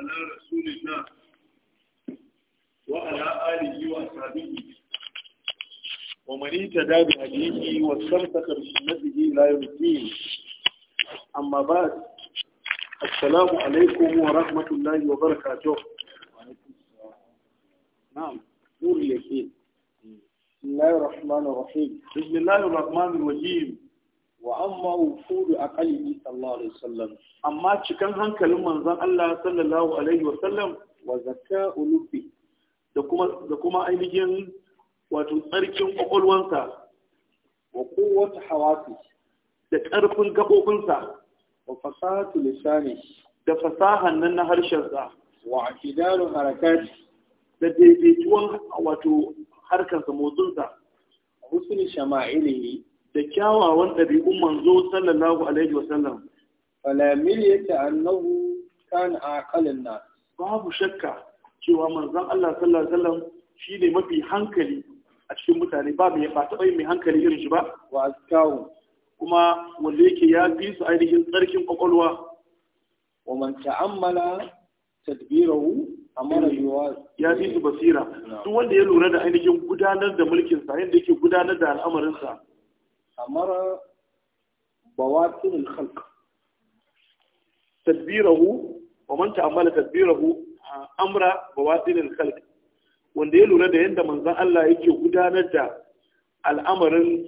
على رسول الله وعلى آله وأصحابه ومن اهتدى بهديه واستمسك بسنته إلى يوم الدين أما بعد السلام عليكم ورحمة الله وبركاته نعم نور اليقين بسم الله الرحمن الرحيم بسم الله الرحمن الرحيم wa amma wufudu aqalihi sallallahu alaihi wasallam amma cikan hankalin manzon Allah sallallahu alaihi wasallam wa zakka lubbi da kuma da kuma ainihin wato tsarkin kwakwalwansa wa kowace hawasi da ƙarfin gaɓoɓinsa wa fasahatu lisani da fasahan nan na harshensa wa akidaru harakati da daidaituwan wato harkarsa motsinsa husni shama'ilihi da kyawawan ɗabi'un manzo sallallahu alaihi wa sallam fala miliyata annahu a kalin na. babu shakka cewa manzon Allah sallallahu alaihi wa sallam shi ne mafi hankali a cikin mutane ba mai ba taɓa yin mai hankali irin shi ba wa azkawu kuma wanda yake ya fi su ainihin tsarkin kwakwalwa wa man ta'ammala tadbirahu a yuwa ya fi su basira duk wanda ya lura da ainihin gudanar da mulkin sa yadda yake gudanar da al'amarinsa. amara bawatin al-khalq tadbirahu wa man ta'ammala tadbirahu amra bawatin al wanda ya lura da yadda manzan Allah yake gudanar da al'amarin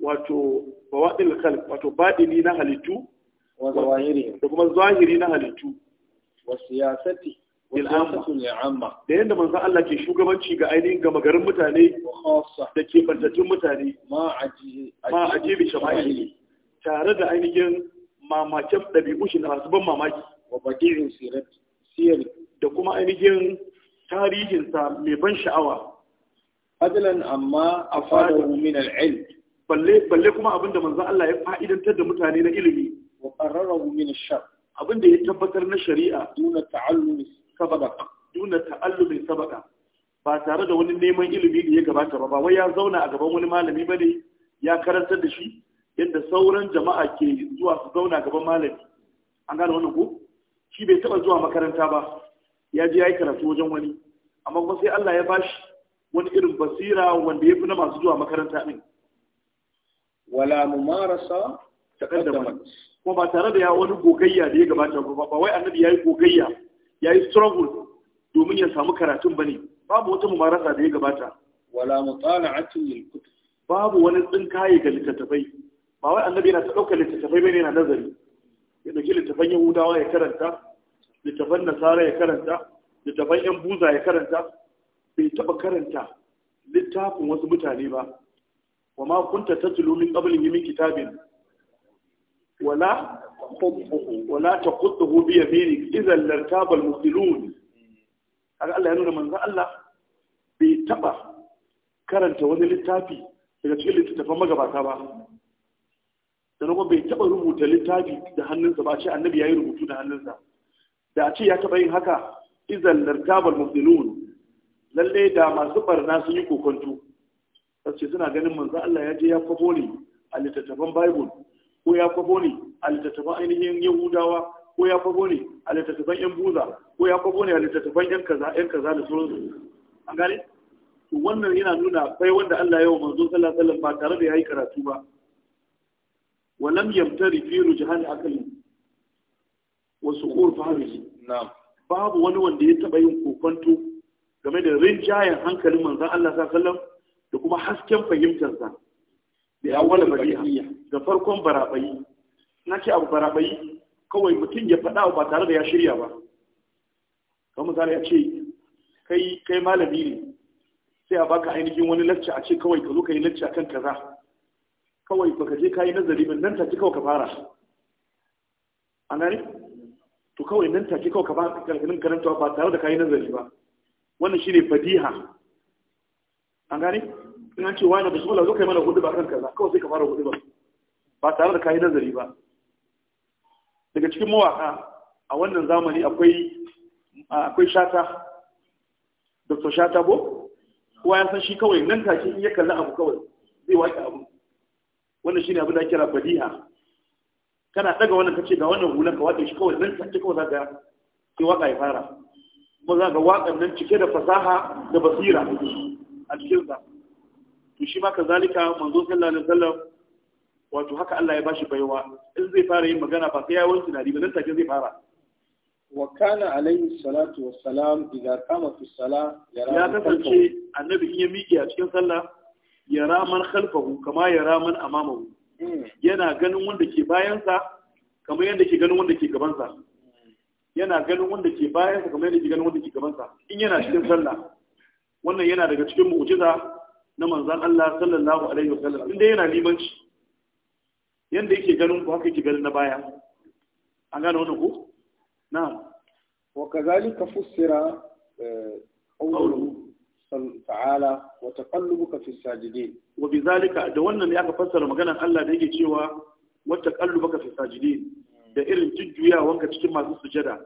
wato bawatin al wato badini na halittu da kuma zahiri na halittu wa siyasati da yadda manzo Allah ke shugabanci ga ainihin gama garin mutane da ke bantattun mutane ma ajibi shama'ili tare da ainihin mamakin ɗabi'u shi na masu ban mamaki wa bagirin siyar da kuma ainihin tarihinsa mai ban sha'awa fadlan amma afadahu min al-ilm balle balle kuma abinda manzo Allah ya fa'idantar da mutane na ilimi wa qarrarahu min ash-shar abinda ya tabbatar na shari'a duna ta'allumi sabaka duna ta'allumin sabaka ba tare da wani neman ilimi da ya gabata ba ba wai ya zauna a gaban wani malami bane ya karantar da shi yadda sauran jama'a ke zuwa su zauna a gaban malami an gane wannan ko shi bai taba zuwa makaranta ba ya je yayi karatu wajen wani amma kuma sai Allah ya bashi wani irin basira wanda ya fi na masu zuwa makaranta din wala mumarasa taqaddama kuma ba tare da ya wani gogayya da ya gabata ba ba wai annabi yayi gogayya ya yi struggle domin ya samu karatun ba ne babu wata mumarasa da ya gabata wala mutala'atin lil kutub babu wani tsinkaye ga littattafai ba wai annabi yana ta dauka littattafai bane yana nazari ya dauki littattafan yahudawa ya karanta littattafan nasara ya karanta littattafan yan buza ya karanta bai taba karanta littafin wasu mutane ba wa ma kunta tatlu min qablihi min kitabin wala تخطه ولا تخطه بيمينك إذا لارتاب المبطلون haka Allah ya nuna manzo Allah bai taba karanta wani littafi daga cikin littattafan magabata ba sannan kuma bai taba rubuta littafi da hannunsa ba ce annabi ya yi rubutu da hannunsa da a ce ya taba yin haka izan lartabal mubdilun lalle da masu barna sun yi kokonto sai suna ganin manza Allah ya je ya kwabo a littattafan bible ko ya kwafo ne a littattafan ainihin yahudawa ko ya kwafo ne a littattafan yan buza ko ya kwafo ne a littattafan yan kaza yan kaza da sauransu an gane to wannan yana nuna kai wanda Allah ya wa manzon sallallahu alaihi wasallam ba tare da yayi karatu ba Wa lam yamtari fi rujhan akali wa suqur fahimi na'am babu wani wanda ya taba yin kokonto game da rinjayen hankalin manzon Allah sallallahu alaihi wasallam da kuma hasken fahimtarsa da awwal bari'a da farkon barabayi na ce abu barabayi kawai mutum ya faɗa ba tare da ya shirya ba kamar misali ya ce kai kai malami ne sai a baka ainihin wani lacca a ce kawai ka zo ka yi lacca kan kaza kawai baka je ka yi nazari ba nan take kawai ka fara A gane to kawai nan take kawai ka fara kalkalin karantawa ba tare da ka yi nazari ba wannan shi ne fadiha an gane in an ce wani bismillah zo kai mana hudu ba kan kaza kawai sai ka fara hudu ba ba tare da kayi nazari ba daga cikin mawaka a wannan zamani akwai akwai shata dr shata bo kuwa ya san shi kawai nan take in ya kalli abu kawai zai waki abu wannan shine abin da kira badi'a kana daga wannan kace ga wannan hulan ka wake shi kawai nan take kawai zaka sai waka ya fara kuma za ga wakan nan cike da fasaha da basira a cikin sa to shi ma kazalika manzo sallallahu alaihi wasallam wato haka Allah ya bashi baiwa in zai fara yin magana ba sai ya wani tunani ba nan take zai fara wa kana alaihi salatu wassalam idza kama fi sala ya kasance annabi in ya miƙe a cikin sallah ya raman khalfahu kama ya raman amamahu hmm. yana ganin wanda ke bayansa kamar yadda ke ganin wanda ke gabansa yana ganin wanda ke bayansa kamar yadda ke ganin wanda ke gabansa in yana cikin sallah wannan yana daga cikin mu'jiza na manzan Allah sallallahu alaihi wasallam inda yana limanci yanda yake ganin ku haka yake ganin na baya an gane wannan ku? Na. wa kazalika fussira eh, qawluhu ta'ala wa taqallubuka fi sajidin wa bizalika da wannan ne aka fassara maganar Allah da yake cewa wa taqallubuka fi sajidin da irin jujjuyawanka cikin masu sujada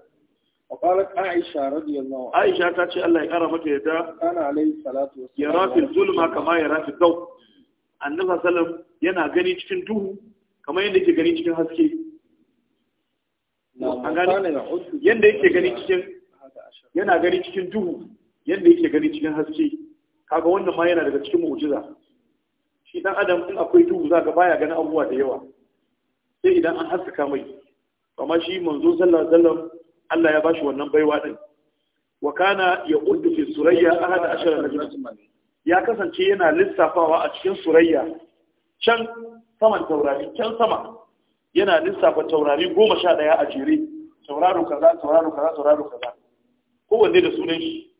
وقالت عائشة رضي الله عنها عائشة تاتي الله يقرأ متى يدا كان عليه الصلاة والسلام يرى في الظلمة كما يرى في الضوء النبي صلى الله عليه وسلم ينا غني cikin duhu kamar yadda yake gani cikin haske yadda yake gani cikin yana gani cikin duhu yadda yake gani cikin haske kaga wannan ma yana daga cikin mu'jiza shi dan adam in akwai duhu zaka baya gani abubuwa da yawa sai idan an haskaka mai amma shi manzo sallallahu alaihi wasallam Allah ya ba shi wannan baiwa din wa kana ya uddu fi surayya ashirin na najman ya kasance yana lissafawa a cikin surayya can saman taurari can sama yana lissafa taurari goma sha ɗaya a jere tauraro kaza tauraro kaza tauraro kaza kowanne da sunan shi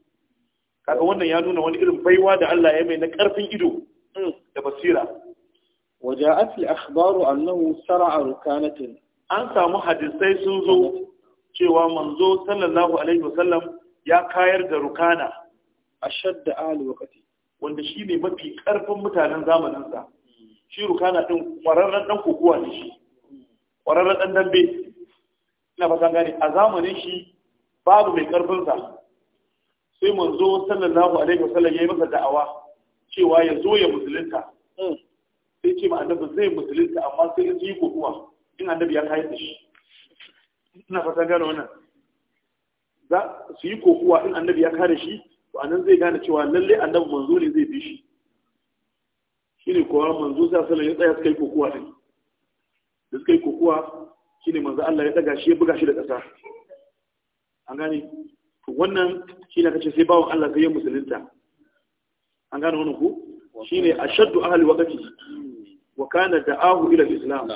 kaga wannan ya nuna wani irin baiwa da Allah ya mai na ƙarfin ido mm, da basira وجاءت الأخبار أنه سرع ركانة an samu hadisai sun zo cewa manzo sallallahu alaihi wasallam ya kayar da rukana a shadda ahli wakati. wanda shi ne mafi karfin mutanen zamaninsa shi rukana ɗin ƙwararren ɗan kokowa ne shi ƙwararren ɗan dambe ina fasa gane a zamanin shi babu mai karfinsa sai manzo sallallahu alaihi wasallam yi masa da'awa cewa ya zo ya musulunta hmm. sai ce ma annabi zai musulunta amma sai ya ji kokowa in annabi ya kayar da shi ina fatan gane wannan za su yi kokowa in annabi ya kare shi to anan zai gane cewa lalle annabi manzo ne zai bi shi shine kowa manzo sai sai ya tsaya suka kokowa din da suka kokowa shine manzo Allah ya daga shi ya buga shi da ƙasa an gane to wannan shine kace sai bawon Allah sai ya musulunta an gane wannan ku shine ashaddu ahli waqti wa kana da'ahu ila al-islam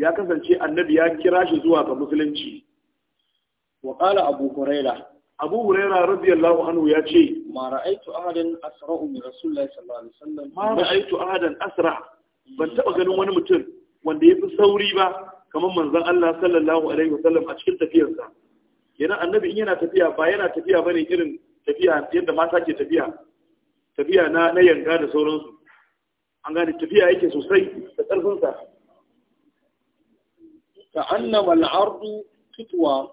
ya kasance annabi ya kira shi zuwa ga musulunci wa qala abu huraira abu huraira radiyallahu anhu ya ce ma ra'aitu ahadan asra'u min rasulillahi sallallahu alaihi wasallam ma ra'aitu ahadan asra ban taba ganin wani mutum wanda ya fi sauri ba kamar manzon Allah sallallahu alaihi wasallam a cikin tafiyarsa yana annabi in yana tafiya ba yana tafiya bane irin tafiya yadda mata ke tafiya tafiya na na yanga da sauransu an gane tafiya yake sosai da ƙarfinsa كأنما العرض تطوى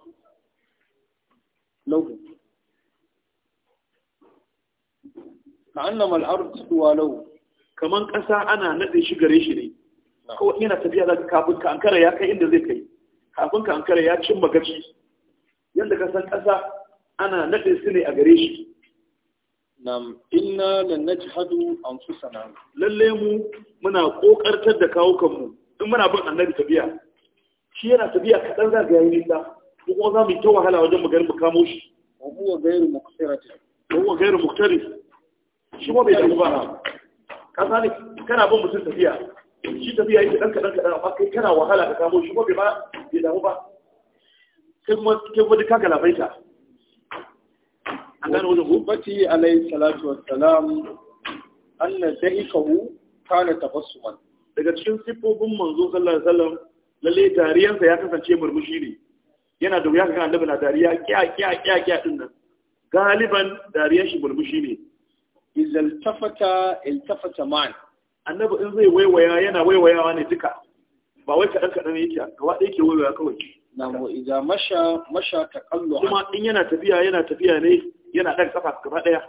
له كأنما العرض تطوى له كمان قسا أنا نقل yana tafiya za ka kafin ka ankara inda zai kai kafin ka ankara ya cin magaci yadda ka san ƙasa ana naɗe su ne a gare shi nam inna lan najhadu anfusana mu muna kokartar da kawo kanmu in muna bin annabi tafiya shi yana tafiya kaɗan za ga yayi nisa ko kuma za mu yi ta wahala wajen mu garin mu kamo shi ko kuma ghairu muqtarif wa huwa ghairu muqtarif shi ma bai tafi ba ka sani kana bin mutum tafiya shi tafiya yake ɗan kaɗan kaɗan amma kai kana wahala ka kamo shi ko bai ba bai damu ba kai kuma kai kuma duka ta. an gano wajen gubbati alayhi salatu wassalam anna da'ikahu kana tabassuman daga cikin siffofin manzo sallallahu alaihi wasallam lalle dariyarsa ya kasance murmushi ne yana da wuya ga annabi na dariya kya kya kya kya din nan galiban dariyar shi murmushi ne izal tafata iltafata man annabi in zai waiwaya yana waiwayawa ne duka ba wai kaɗan kaɗan yake gaba ɗaya ke waiwaya kawai na mu iza masha masha taqallu kuma in yana tafiya yana tafiya ne yana ɗaga kafa gaba ɗaya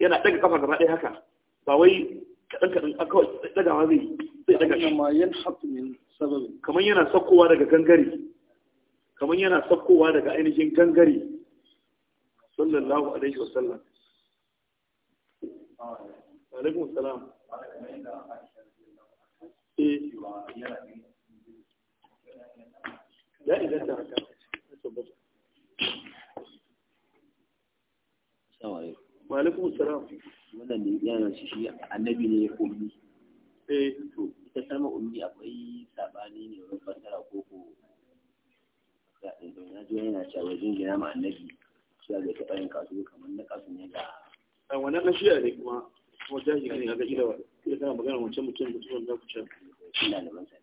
yana ɗaga kafa gaba daya haka ba wai kaɗan kaɗan kawai dagawa zai zai daga shi yan kamar yana sakkowa daga gangare kamar yana sakkowa daga ainihin gangare sallallahu alaihi wasallam alaikum salam eh. ya inganta haka wa alaikum salam wannan da yana shi annabi ne ya komi eh to ta sama ummi akwai sabani ne wurin fasara ko ko ga ɗin na jiya yana cewa jin gina ma annabi cewa bai taɓa kasu kasu kamar na kasu ne ga a wannan na ne kuma kuma jahili ne ga ga ilawa ita kana magana wancan mutum mutumin na kuce ina da mansa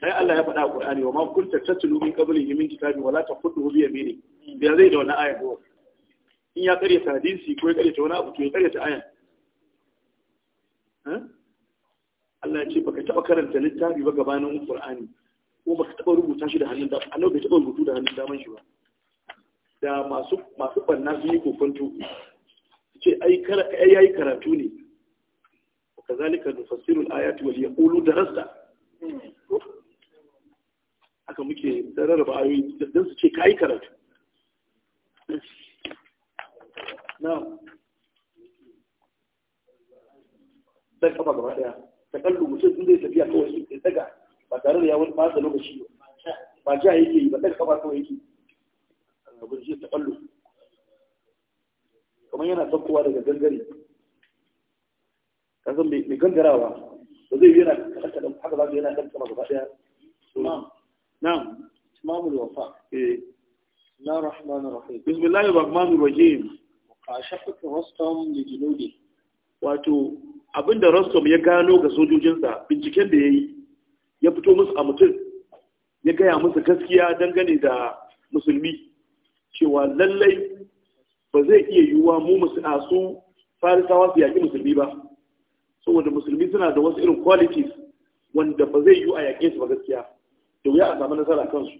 sai Allah ya faɗa a Qur'ani wa ma kunta tatlu min qablihi min kitabi wala taqutuhu bi yamini da zai da wani aya in ya kare ta hadisi ko ya kare ta wani abu to ya kare ta aya? Allah ya ce baka taba karanta littafi ba gabanin Qur'ani ko baka taba rubuta shi da hannun da Allah bai taba rubutu da hannun man shi ba da masu masu banna sun yi kokonto ce ai kara ai yayi karatu ne kazalika nufassiru al-ayati wal yaqulu darasta haka muke rarraba ayoyi dan su ce kai karatu na da kafa gaba daya kallo mutum sun zai tafiya kawai shi ya daga ba tare da yawon fasa lokaci ba ja yake yi ba daga kafa kawai yake abin shi kallo kamar yana saukowa daga gangare san mai gangarawa ba zai yana kasa da haka za su yana kasa gaba ma na'am tamamul wafa eh na rahmanir rahim bismillahir rahmanir rahim ka shafa rastam da junudi wato abinda Rostom ya gano ga sojojinsa binciken da ya yi ya fito musu a mutum ya gaya musu gaskiya dangane da musulmi cewa lallai ba zai iya yiwuwa mu musu farisawa su yaƙi musulmi ba saboda musulmi suna da wasu irin qualities wanda ba zai yiwu a yaƙe su ba gaskiya da wuya a samu nasara kansu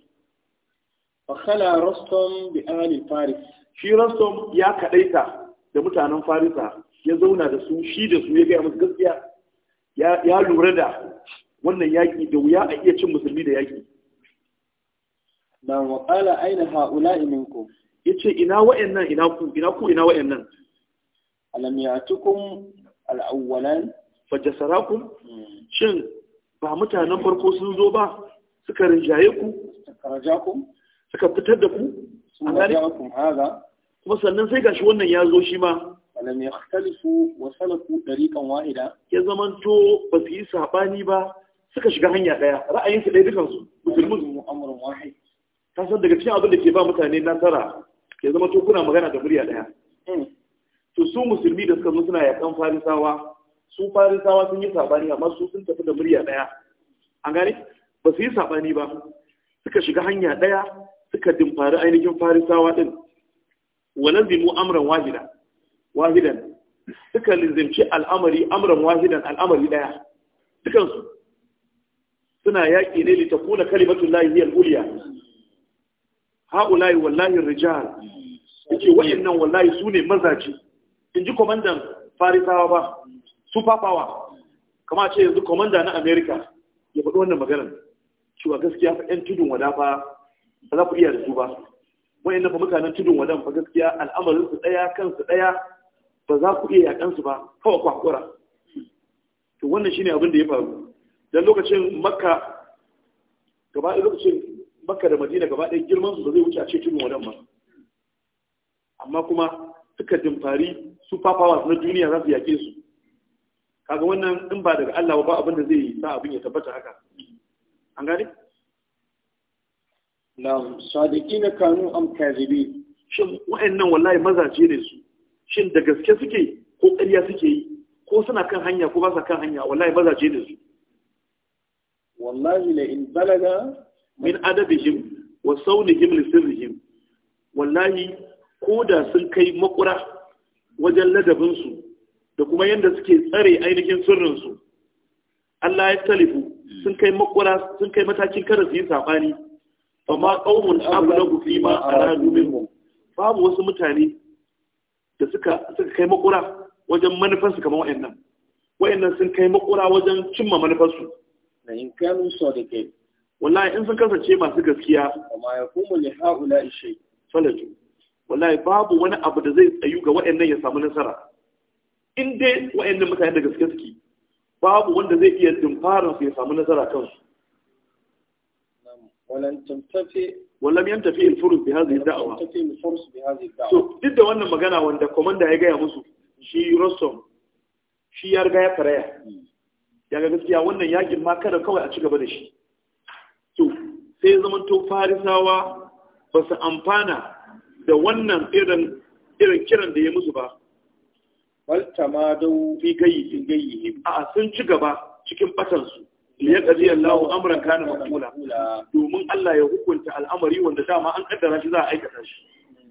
fakhala rostom bi faris shi rostom ya kaɗaita da mutanen farisa ya zauna da su shi da su ya gaya musu gaskiya ya lura da wannan yaƙi da wuya a iya cin musulmi da yaƙi na waƙala aina ha'ula iminku ya ce ina nan, ina ku ina ku ina wa'annan alam ya tukun al'awwalan saraku. Hmm. shin ba mutanen farko sun zo ba suka rinjaye ku suka Suka fitar da ku kun haza? kuma sannan sai gashi wannan ya zo shi ma alam yakhtalifu wa salaku dariqan wahida ya to ba su yi sabani ba suka shiga hanya daya ra'ayin su dai dukan su musulmi amrun wahid ta san daga cikin abin da ke ba mutane nasara ya zama to kuna magana da murya daya hmm. to su musulmi da suka zo suna yakan farisawa su farisawa sun yi sabani amma su sun tafi da murya daya an gane ba su yi sabani ba suka shiga hanya daya suka dimfari ainihin farisawa din wa lazimu amran wahida wahidan suka lizimci al'amari amran wahidan al'amari daya dukansu suna yaƙi ne li takuna kalimatul lahi hiya al-ulya haula'i wallahi rijal yake wa'annan wallahi su ne mazaje in ji komandan farisawa ba super power kama ce yanzu komanda na america ya faɗi wannan magana. cewa gaskiya fa ƴan tudun wada fa ba za ku iya da su ba Wani ba mutanen tudun wadan fa gaskiya al'amarin su daya kansu daya ba za ku iya yakan su ba kawai kwakura to wannan shine abin da ya faru dan lokacin makka gaba ɗaya lokacin makka da madina gaba ɗaya girman su ba zai wuce a ce tudun wadan ba amma kuma suka dimfari super powers na duniya za su yake su kaga wannan in ba daga Allah ba abin da zai yi sa abin ya tabbata haka an gane na'am sadiqina kanu am kadhibi shin wa'annan wallahi mazaje ne su shin da gaske suke ko ƙarya suke yi ko suna kan hanya ko ba sa kan hanya wallahi mazaje ne su wallahi la in balaga min adabihim wa saunihim li sirrihim wallahi ko da sun kai makura wajen ladabinsu da kuma yadda suke tsare ainihin sirrinsu Allah ya talifu sun kai makura sun kai matakin kada su yi saɓani amma ma abu fi ma a minhum babu wasu mutane da suka kai makura wajen manufarsu kamar wa'in nan sun kai makura wajen cimma manufarsu na in da sadiqin wallahi in sun kasance masu gaskiya amma kuma ne haula ishe falaju wallahi babu wani abu da zai tsayu ga nan ya samu nasara in dai nan mutane da gaske suke babu wanda zai iya dimfarin su ya samu nasara kansu walam tamtafi walam yantafi al-furus bi hadhihi ad-da'wa so duk da wannan magana wanda komanda ya gaya musu shi Rostom shi ya riga ya karaya daga gaskiya wannan yakin ma kada kawai a ci gaba da shi to sai zaman to farisawa ba su amfana da wannan irin kiran da ya musu ba bal tamadau fi gayyi fi gayyi sun ci gaba cikin batansu liya qadi Allahu amran kana maqbula domin Allah ya hukunta al'amari wanda dama an kaddara shi za a aikata shi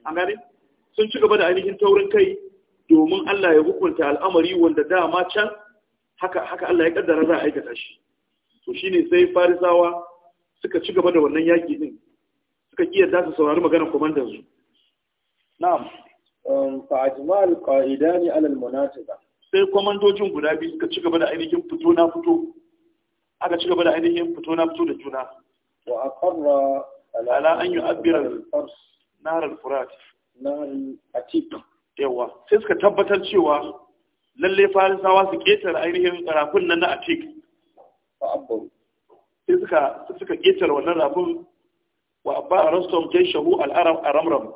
an gane sun ci gaba da ainihin taurin kai domin Allah ya hukunta al'amari wanda dama can haka haka Allah ya kaddara za a aikata shi to shine sai farisawa suka ci gaba da wannan yaki din suka kiyarda su saurari maganar komandan su na'am um, fa ajmal qa'idan ala al-munafiqa sai komandojin guda biyu suka ci gaba da ainihin fito na fito aka ci gaba da ainihin fito na fito da juna wa aqarra ala an yu'abbira al-fars nar al-furat nar al-atiq yawa sai suka tabbatar cewa lalle farisawa su ƙetare ainihin rafin nan na atik sai suka suka ketare wannan rafin wa abba rastom jai shahu al'arab a ramram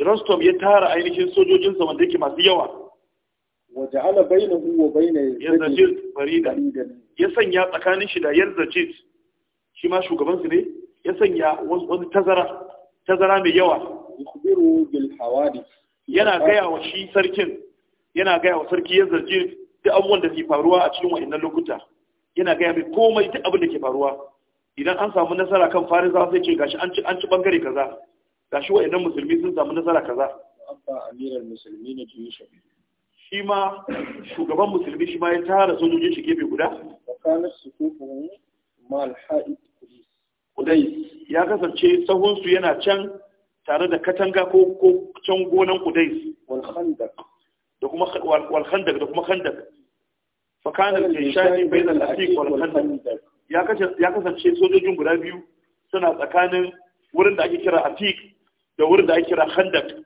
rastom ya tara ainihin sojojinsa wanda yake masu yawa wa ja'ala bainahu wa bainal ya sanya tsakanin shi da Yerzachit shi ma shugaban su ne ya sanya wani tazara tazara mai yawa yana gaya wa shi sarkin yana gaya wa sarki Yerzachit duk abubuwan da ke faruwa a cikin wa'annan lokuta yana gaya mai komai duk abin da ke faruwa idan an samu nasara kan farin za sai ce gashi an ci an ci bangare kaza gashi wa'annan musulmi sun samu nasara kaza shi ma shugaban musulmi shi ma ya tara sojojin shi gefe guda su mal kudai ya kasance sahunsu su yana can tare da katanga ko ko can gonan kudai wal da kuma wal khandaq da kuma khandaq fa kana al-shani bayna al-atiq wal khandaq ya kasance sojojin guda biyu suna tsakanin wurin da ake kira atik da wurin da ake kira khandak.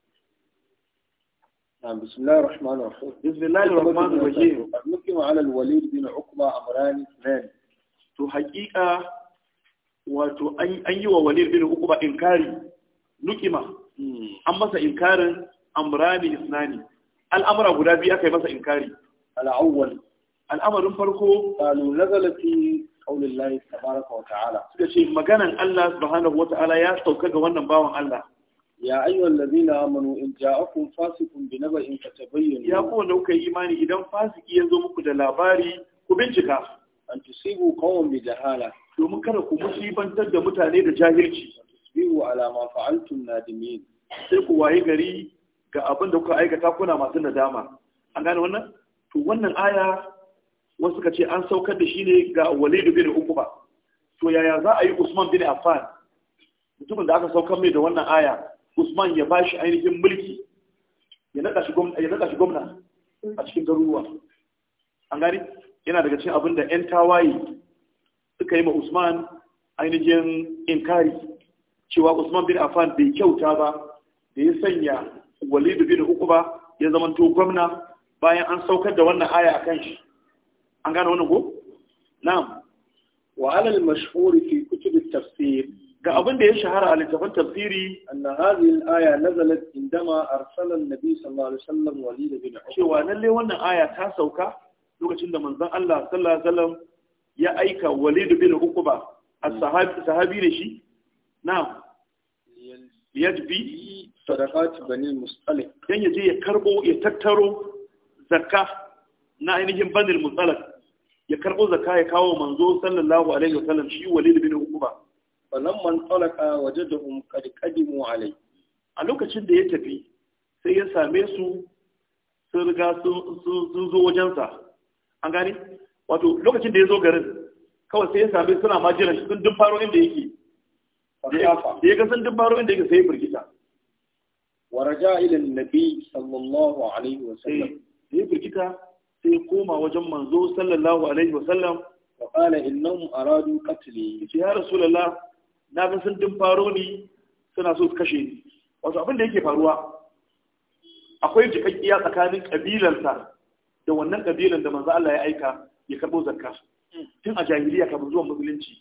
نعم بسم الله الرحمن الرحيم بسم الله الرحمن الرحيم المقيم على الوليد بن عقبة أمران اثنان to haƙiƙa wato an yi wa walid bin uku ba inkari nukima an masa inkarin amrani isnani al'amura guda biyu aka yi masa inkari al'awwal al'amarin farko qalu nazala fi qaulillahi tabaraka wa ta'ala suka ce maganan Allah subhanahu ya sauka ga wannan bawan Allah ya ayyuhal ladina amanu in ja'akum fasiqun bi naba'in fatabayyanu ya ku wanda kuka yi imani idan fasiki ya zo muku da labari ku bincika an tusibu qawman bi jahala domin kada ku musibantar da mutane da jahilci tusbihu ala ma fa'altum nadimin sai ku waye gari ga abin da kuka aikata kuna masu nadama an gane wannan to wannan aya wasu ka ce an sauka da shi ne ga Walid bin Uqba to yaya za a yi Usman bin Affan mutumin da aka saukar mai da wannan aya Usman ya ba shi ainihin mulki ya naka shi gwamna a cikin garuruwa an gani yana daga cikin abin da 'yan tawaye suka yi ma Usman ainihin inkari cewa Usman bin Affan bai kyauta ba da ya sanya Walidu bin Uqba ya zamanto gwamna bayan an saukar da wannan aya akan shi an gane wannan ko na'am wa alal mashhur fi kutub at-tafsir ga abin da ya shahara a littafin tafsiri anna hadhihi al-aya nazalat indama arsala an-nabi sallallahu alaihi wasallam walid bin Uqba cewa lalle wannan aya ta sauka lokacin da manzon Allah sallallahu alaihi wasallam ya aika walid bin ukba as-sahabi sahabi ne shi na'am yajbi sadaqat bani mustalik dan yaje ya karbo ya tattaro zakka na ainihin bani mustalik ya karbo zakka ya kawo manzo sallallahu alaihi wasallam shi walid bin ukba falamman talaka wajadahum qad qadimu alai a lokacin da ya tafi sai ya same su sun riga sun zo wajensa an gani wato lokacin da ya zo garin kawai sai ya same suna ma jiran sun duk faro inda yake da ya ga sun duk faro inda yake sai ya firgita wa raja ila nabi sallallahu alaihi wa sallam eh, ya firgita sai koma wajen manzo sallallahu alaihi wa sallam wa qala innahum aradu qatli ya rasulullah na ga sun din faro ni suna so su kashe ni wato abin da yake faruwa akwai jikakkiya tsakanin kabilarsa da wannan kabilan da manzo Allah ya aika ya karbo zakka tun a jahiliya kafin zuwan musulunci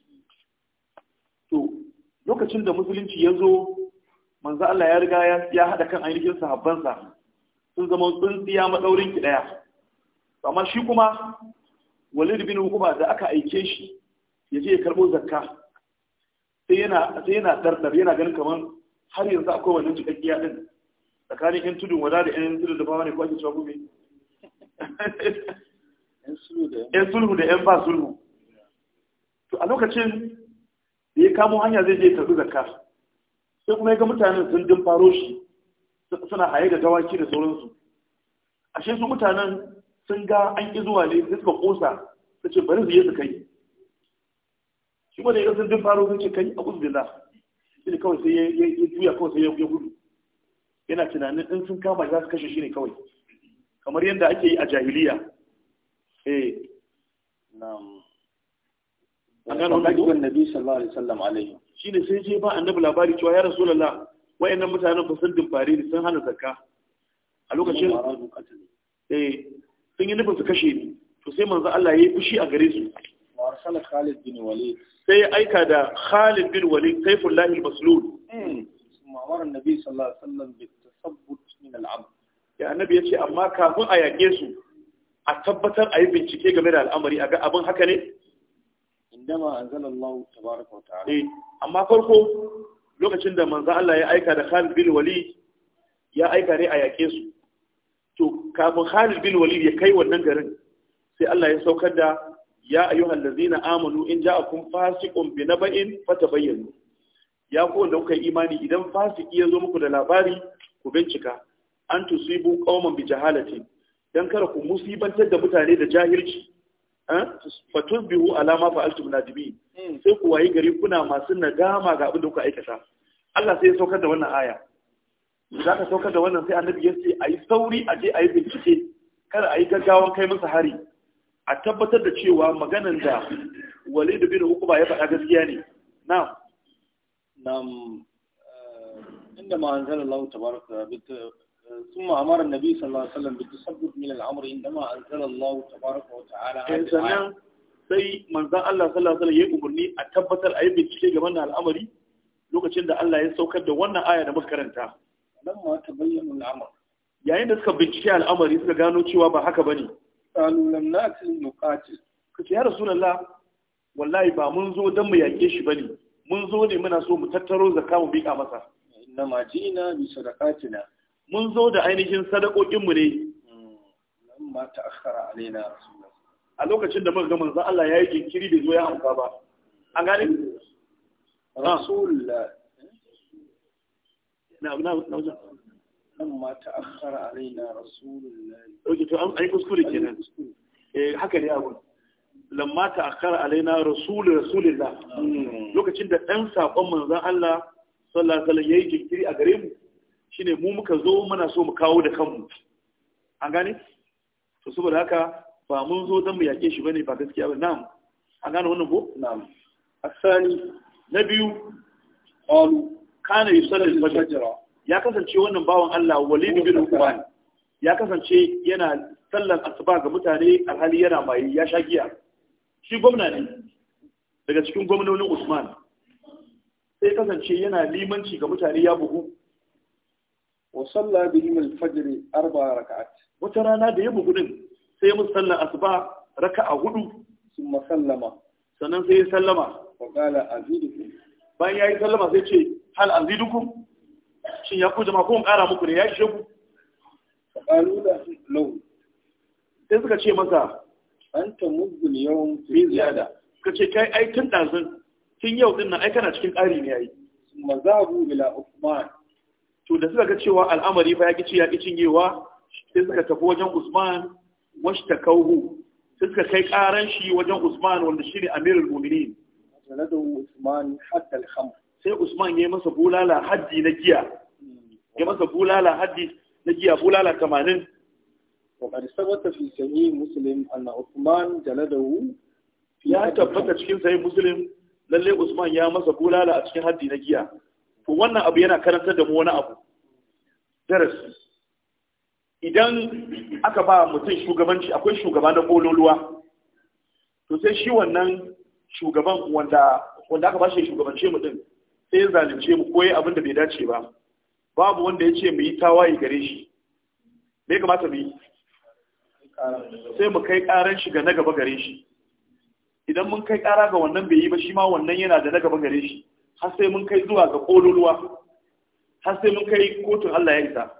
to lokacin da musulunci ya zo manzo Allah ya riga ya hada kan ainihin sahabbansa sun zama tsintsiya madaurin ki daya amma shi kuma Walid bin Uqba da aka aike shi yaje ya karbo zakka sai yana yana dardar yana ganin kamar har yanzu akwai wannan cikakkiya din tsakanin yan tudun wada da yan tudun da ba ne ko ake cewa gobe yan sulhu da yan ba sulhu to a lokacin da ya kamo hanya zai je karbi zakka sai kuma ya ga mutanen sun din faro shi suna haye da dawaki da sauransu ashe su mutanen sun ga an ƙi zuwa ne suka kosa su ce bari su yi su kai Kuma ne ya duk faro sun kai a uzbillah shi kawai sai ya juya kawai sai ya gudu yana tunanin in sun kama za su kashe shi ne kawai kamar yadda ake yi a jahiliya eh na'am an gano da gidan nabi sallallahu alaihi wasallam alaihi ne sai je ba annabi labari cewa ya rasulullah wayannan mutanen ba sun dimfare ne sun hana zakka a lokacin eh sun yi nufin su kashe ni to sai manzo Allah ya yi fushi a gare su arsala ya bin aika da Khalid bin Walid Saifullah al-Maslul kuma ya annabi yace amma kafin a yake su a tabbatar a yi bincike game da al'amari a haka ne indama eh, amma farko lokacin da manzo Allah ya aika da Khalid bin Walid ya aika ne a yake su to kafin Khalid bin Walid ya kai wannan garin sai Allah ya saukar da ya ayyuhal ladzina amanu in ja'akum fasiqun bi naba'in fatabayyanu ya ko wanda kuka imani idan fasiki ya zo muku da labari ku bincika an tusibu qauman bi jahalati dan kada ku musibantar da mutane da jahilci eh? fatusbihu ala ma fa'altum nadibi hmm. sai ku wayi gari kuna masu nadama ga abin da kuka aikata Allah sai ya saukar da wannan aya za ka saukar da wannan sai annabi ya ce a yi sauri a je a yi bincike kada a yi gaggawan kai masa hari a tabbatar da cewa maganan da walid bin uqba ya faɗa gaskiya ne na'am nam eh, inda ma anzala Allah tabaraka bit ثم امر النبي صلى الله عليه وسلم بالتثبت من الامر عندما انزل الله تبارك وتعالى هذه sai manzan Allah sallallahu alaihi wasallam ya umarni a tabbatar a yi bincike game da al'amari lokacin da Allah ya saukar da wannan aya da muka karanta nan ma ta bayyana al'amar yayin da suka bincike al'amari suka gano cewa ba haka bane qalu lam na'til nuqatil kace ya rasulullah wallahi ba mun zo dan mu yake shi bane mun zo ne muna so mu tattaro zakka mu bika masa inna ma jina bi sadaqatina mun zo da ainihin sadakokin mu ne lamma ta'akhkhara alaina rasulullah a lokacin da muka ga manzo Allah ya yi jinkiri bai zo ya amsa ba an gane rasulullah na na na amma ta'akhkhara alaina rasulullahi okay to an ai kuskure kenan eh haka ne abun lamma ta'akhkhara alaina rasul rasulullah lokacin da dan sakon manzon Allah sallallahu alaihi wasallam yayi jinkiri a gare mu shine mu muka zo muna so mu kawo da kanmu an gane to saboda haka ba mun zo dan mu yake shi bane ba gaskiya ba na'am an gane wannan ko na'am asali na biyu qalu kana yusalli al-fajr ya kasance wannan bawan Allah Walid bin Uqban ya kasance yana sallan asuba ga mutane a hali yana mai ya sha giya shi gwamna ne daga cikin gwamnonin Usman sai kasance yana limanci ga mutane ya bugu wa salla bihim al-fajr arba rak'at wata rana da ya bugu din sai mu sallan asuba raka'a hudu summa sallama sannan sai ya sallama wa qala azidukum bayan ya yi sallama sai ce hal azidukum shin ya ku ma ko in ƙara muku ne ya ishe ku qalu lahu sai suka ce masa anta muzgun yawm fi ziyada suka ce kai ai tun dazun tun yau din nan ai kana cikin ƙari ne yayi mazabu ila usman to da suka ga cewa al'amari fa ya kici ya kicin yewa sai suka tafi wajen usman washtakauhu sai suka kai ƙaran shi wajen usman wanda shine amirul mu'minin da usman hatta al-khamr sai usman ya yi masa bulala haddi na giya ya masa bulala haddi na giya bulala tamanin وقد sabata fi صحيح مسلم أن Usman جلده ya tabbata cikin sai muslim lalle Usman ya masa bulala a cikin haddi na giya to wannan abu yana karantar da mu wani abu darasi idan aka ba mutum shugabanci akwai shugaba na bololuwa to sai shi wannan shugaban wanda wanda aka ba shi shugabance mutum sai zalunce mu koyi abin da bai dace ba babu wanda ya ce mu yi tawaye gare shi me kamata mu yi sai mu kai karan shi ga na gaba gare shi idan mun kai kara ga wannan bai yi ba shi ma wannan yana da na gaba gare shi har sai mun kai zuwa ga kololuwa har sai mun kai kotun Allah ya isa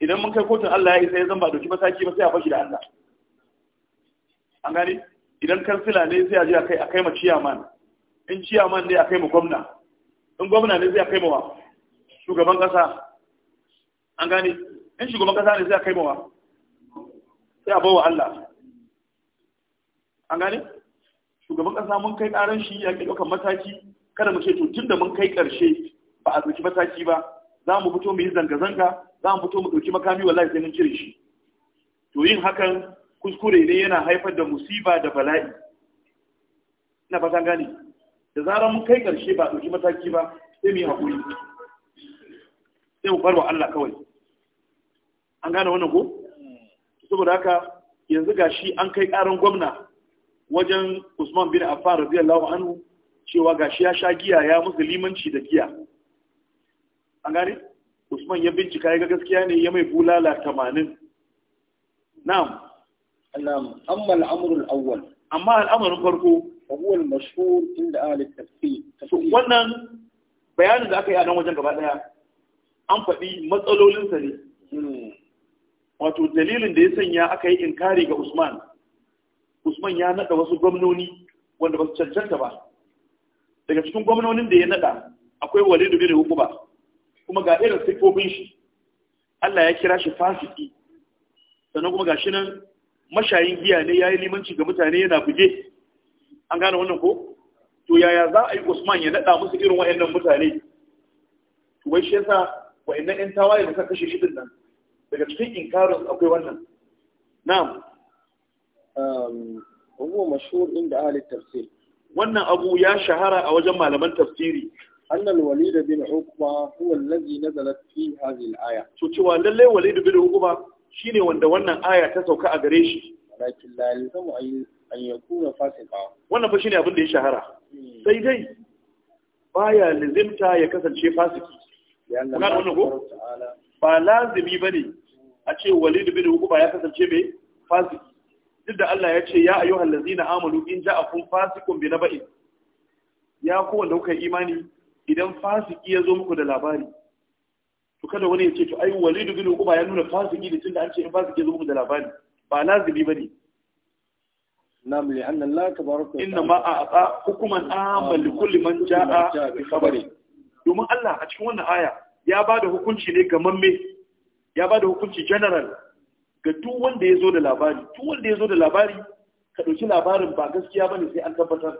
idan mun kai kotun Allah ya isa ya zan ba doki mataki ba sai a fashi da Allah an gani idan kansila ne sai a je a kai a kai ma ciyaman in ciyaman ne a kai ma gwamna in gwamna ne zai kai mawa shugaban kasa an gane in shugaban kasa ne zai kai mawa sai a bawa Allah an gane shugaban kasa mun kai karan shi ya kai ɗaukar mataki kada mu ce to tunda mun kai ƙarshe ba a ɗauki mataki ba za mu fito mu yi zanga-zanga za mu fito mu dauki makami wallahi sai mun cire shi to yin hakan kuskure ne yana haifar da musiba da bala'i ina fatan gane da zarar mun kai ƙarshe ba ɗauki mataki ba sai mu yi haƙuri sai mu barwa Allah kawai an gane wannan ko saboda haka yanzu ga shi an kai ƙaran gwamna wajen Usman bin Affan radiyallahu anhu cewa ga shi ya sha giya ya musu limanci da giya an gane Usman ya bincika ya ga gaskiya ne ya mai bulala tamanin. na'am amma al'amurin farko فهو المشهور عند أهل التفسير wannan bayanin da aka yi a nan wajen gaba daya an faɗi matsalolinsa ne hmm. wato dalilin da ya sanya aka yi inkari ga Usman Usman ya nada wasu gwamnoni wanda ba su cancanta ba daga cikin gwamnonin da ya nada akwai da bin ba. kuma ga irin sifofin shi Allah ya kira shi fasiki sannan kuma shi nan mashayin giya ne ya yi limanci ga mutane yana buge an gane wannan ko to yaya za a yi usman ya naɗa musu irin wa'annan mutane to wai shi yasa wa'annan yan tawaye da suka kashe shi din nan daga cikin inkarin akwai wannan na'am um, abu mashhur inda ahli tafsir wannan abu ya shahara a wajen malaman tafsiri أن الوليد بن عقبة هو الذي نزلت في هذه الآية شو شو للي وليد بن عقبة شيني وند وانا آية تسوك أغريشي ولكن لا يلزم أن an yakuna fasika wannan fa ne abin da ya shahara hmm. sai dai baya lazimta ya kasance fasiki kuma wannan ko ba lazimi bane a ce walid bin uquba ya kasance mai fasiki duk da Allah ya ce ya ayyuhal ladzina amanu in ja a ja'akum fasiqun bi naba'in ya ku wanda kuka imani idan fasiki ya zo muku da labari to kada wani ya ce to ai walid bin uquba ya nuna fasiki da tunda an ce in fasiki ya zo muku da labari ba lazimi ne. Inna لأن الله تبارك وتعالى إنما أعطى حكما عاما لكل من domin Allah a cikin wannan aya ya ba da hukunci ne ga mamme ya ba da hukunci general ga duk wanda ya zo da labari duk wanda ya zo da labari ka ɗauki labarin ba gaskiya ba ne sai an tabbatar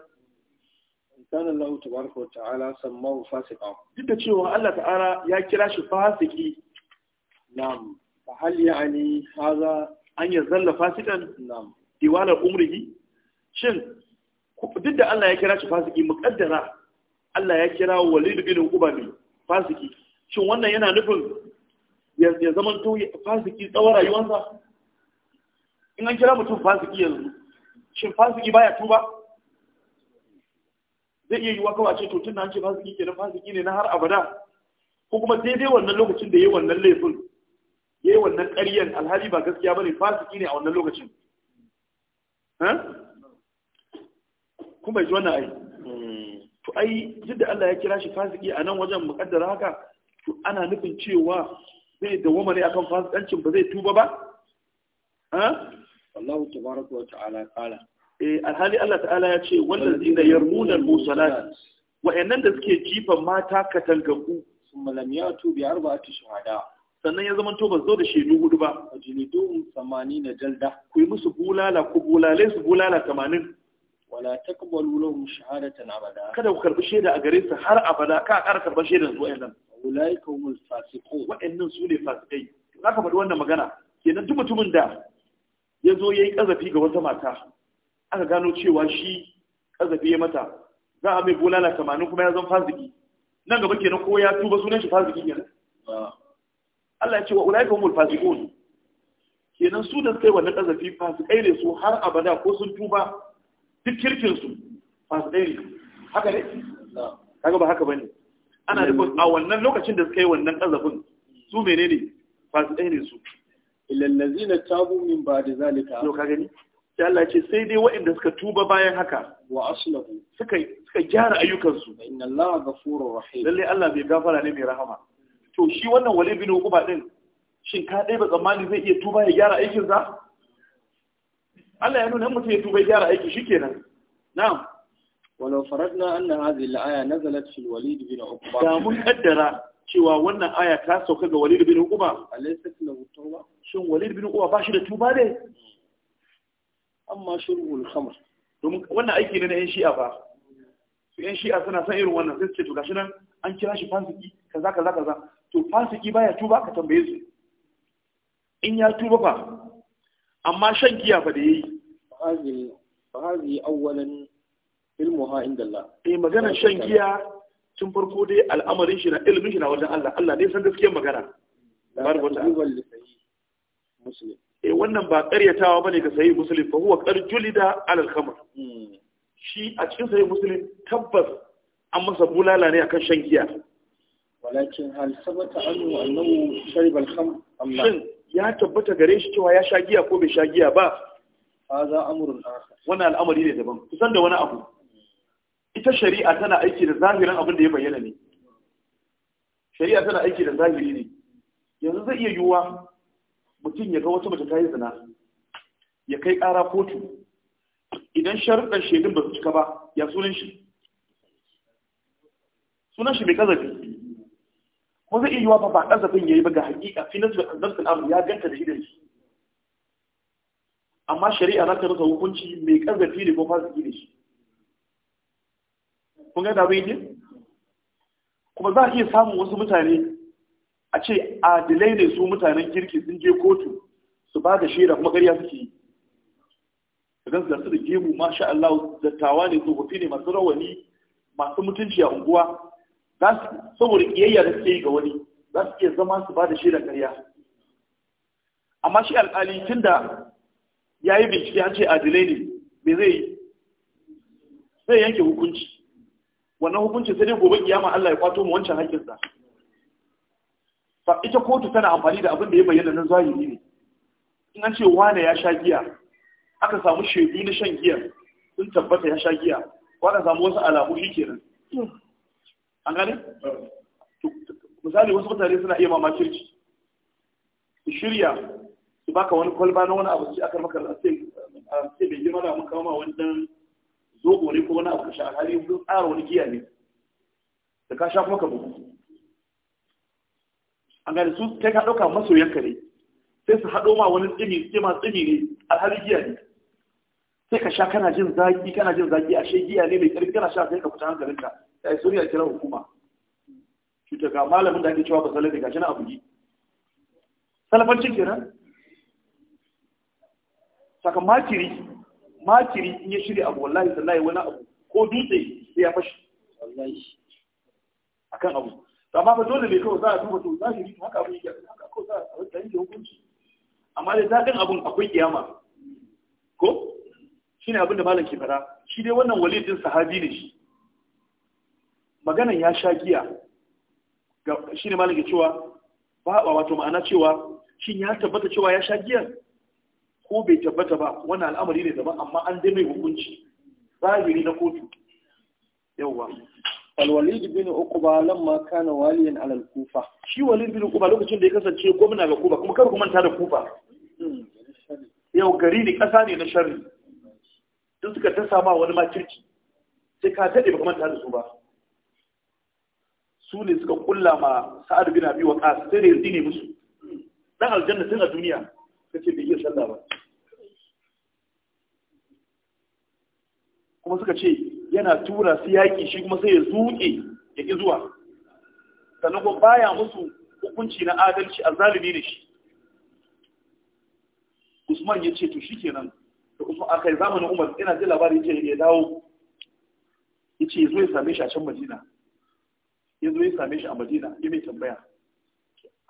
kana Allah tabaraka wa ta'ala sammahu fasiqa duk da cewa Allah ta'ala ya kira shi fasiki na'am fa hal ya'ni hadha an yazalla fasiqan na'am diwala umrihi shin duk da Allah ya kira shi fasiki muƙaddara Allah ya kira Walidu bin uba ne fasiki shin wannan yana nufin ya zama to fasiki tsawon rayuwarsa in an kira mutum fasiki yanzu shin fasiki baya tuba zai iya yiwa kawace to tun an ce fasiki kenan fasiki ne na har abada ko kuma daidai wannan lokacin da yayi wannan laifin yayi wannan ƙaryan alhali ba gaskiya bane fasiki ne a wannan lokacin eh kuma ji wani ai hmm. to ai yadda Allah ya kira shi fasiki a nan wajen muƙaddara haka to ana nufin cewa zai da ne akan fasikancin ba zai tuba ba ha Allah tabaraka wa ta'ala kala eh alhali Allah ta'ala ya ce wallazina yarmuna al-musalat wa'annan da suke jifan mata katangaku kuma lam yatu bi arba'ati shuhada sannan ya zama to ba zo da shaidu hudu ba ajlidu 80 jalda ku yi musu bulala ku bulale su bulala 80 wala taqbalu lahu shahadatan abada kada ku karbi shaida a gare su har abada ka ƙara karbar shaidan zuwa yanzu ulaika humul fasiqun wayannan su ne fasikai zaka faɗi wannan magana kenan duk mutumin da ya zo yayi kazafi ga wata mata aka gano cewa shi kazafi ya mata za a mai bulala tamanin kuma ya zan fasiki nan gaba kenan ko ya tuba sunan shi fasiki ne? Allah ya ce wa ulaika fasiqun kenan su da suka yi wannan kazafi fasikai ne su har abada ko sun tuba duk kirkin su fasikai haka ne kaga ba haka ba ne? ana da a wannan lokacin da suka yi wannan ƙazafin su menene fasikai ne su na tabu min da zalika to ka gani sai Allah ce sai dai waɗanda suka tuba bayan haka wa aslahu suka suka gyara ayyukansu inna Allah ghafurur rahim lalle Allah bai gafara ne mai rahama to shi wannan wali bin uquba din shin ka dai ba tsammani zai iya tuba ya gyara aikin sa Allah ya nuna mutum ya tuba gyara aiki shikenan na'am walau faradna anna hadhihi al-aya nazalat fil walid bin uqba da mun kaddara cewa wannan aya ta sauka ga walid bin uqba alaysa lahu tauba shin walid bin uqba ba shi da tuba ne amma shurul khamr domin wannan aiki ne na yan shi'a ba su yan shi'a suna san irin wannan sai su ce to gashi nan an kira shi fasiki kaza kaza kaza to fasiki baya tuba ka tambaye su in ya tuba fa. amma shan giya fa da yayi hazi hazi awwalan ilmuha inda Allah eh maganar shan giya tun farko dai al'amarin shi na ilmin shi na wajen Allah Allah ne san gaskiyar magana bar wata muslim eh wannan ba ƙaryatawa bane ga sahih muslim fa huwa qarjulida alal khamr hmm. shi a cikin sahih muslim tabbas an masa bulala ne akan shan giya walakin hal sabata annu annahu shariba al-khamr amma shin ya tabbata gare shi cewa ya sha giya ko bai sha giya ba za amrun akhar wannan al'amari ne daban kusan da wani abu ita shari'a tana aiki da zahirin abin da ya bayyana ne shari'a tana aiki da zahiri ne yanzu zai iya yiwuwa mutum ya ga wata mace ta yi zina ya kai ƙara kotu idan sharuɗan shaidun ba su cika ba ya sunan shi sunan shi mai kazafi iya zai iya ba ba ya yi ba ga hakika na zuwa kazafin ya ganta da da shi amma shari'a za ta rasa hukunci mai kazafi ne ko fasa ne shi kun gada bai ne kuma za a iya samun wasu mutane a ce adilai ne su mutanen kirki sun je kotu su ba da shaida kuma ƙarya suke yi da su da gemu masha Allah dattawa ne tsofaffi ne masu rawani masu mutunci a unguwa saboda kiyayya da suke yi ga wani za su iya zama su ba da shaidar karya. amma shi alƙali tun da ya yi bincike an ce adilai ne me zai yi zai yanke hukunci wannan hukunci sai dai gobe kiyama Allah ya kwato mu wancan haƙƙinsa fa ita kotu tana amfani da abin da ya bayyana na zahiri ne in an ce wane ya sha giya aka samu shaidu na shan giya sun tabbata ya sha giya ko aka samu wasu alamu shi kenan an gane misali wasu mutane suna iya mamakirci su shirya su baka wani kwalba na wani abu sai aka maka sai bai girma da muka kama wani dan zobo ne ko wani abu kashe alhali sun tsara wani giya ne da ka sha kuma ka bugu an gane su kai ka ɗauka masoyan ka ne sai su haɗo ma wani tsimi sai ma tsimi ne alhali giya ne sai ka sha kana jin zaki kana jin zaki a shi giya ne mai karfi kana sha sai ka fita hankalin ka sai suriya kira hukuma cuta ga malamin da ake cewa ba salafi gashi na abuji salafancin kenan saka makiri makiri in ya shirya abu wallahi sallahi wani abu ko dutse sai ya fashi wallahi akan abu amma ba dole ne kawai za a duba to zahiri haka abu yake haka kawai za a rinka yanke hukunci amma da zaɗin abun akwai kiyama ne abinda malam ke fara shi dai wannan walidin sahabi ne shi maganan ya sha giya shi ne malam ke cewa ba a wato ma'ana cewa shin ya tabbata cewa ya sha giya ko bai tabbata ba wannan al'amari ne daban amma an dai mai hukunci zahiri na kotu yauwa alwalid bin uqba lamma kana waliyan ala al-kufa shi walid bin uqba lokacin da ya kasance gwamna ga kufa kuma kar ku manta da kufa hmm, yau gari ne kasa ne na sharri in suka ta sama wani makirci sai ka daɗe baka manta da su ba su ne suka kulla ma sa'ad bin abi waqas sai da yanzu musu dan aljanna tun a duniya kace bai iya sallah ba kuma suka ce yana tura su yaki shi kuma sai ya zuƙe ya ƙi zuwa sannan ko baya musu hukunci na adalci a ne shi usman ya ce to shi kenan yi zamanin umar ina ji labari ce ya dawo Ya ce ya zo ya same shi a can madina zo ya same shi a madina ya mai tambaya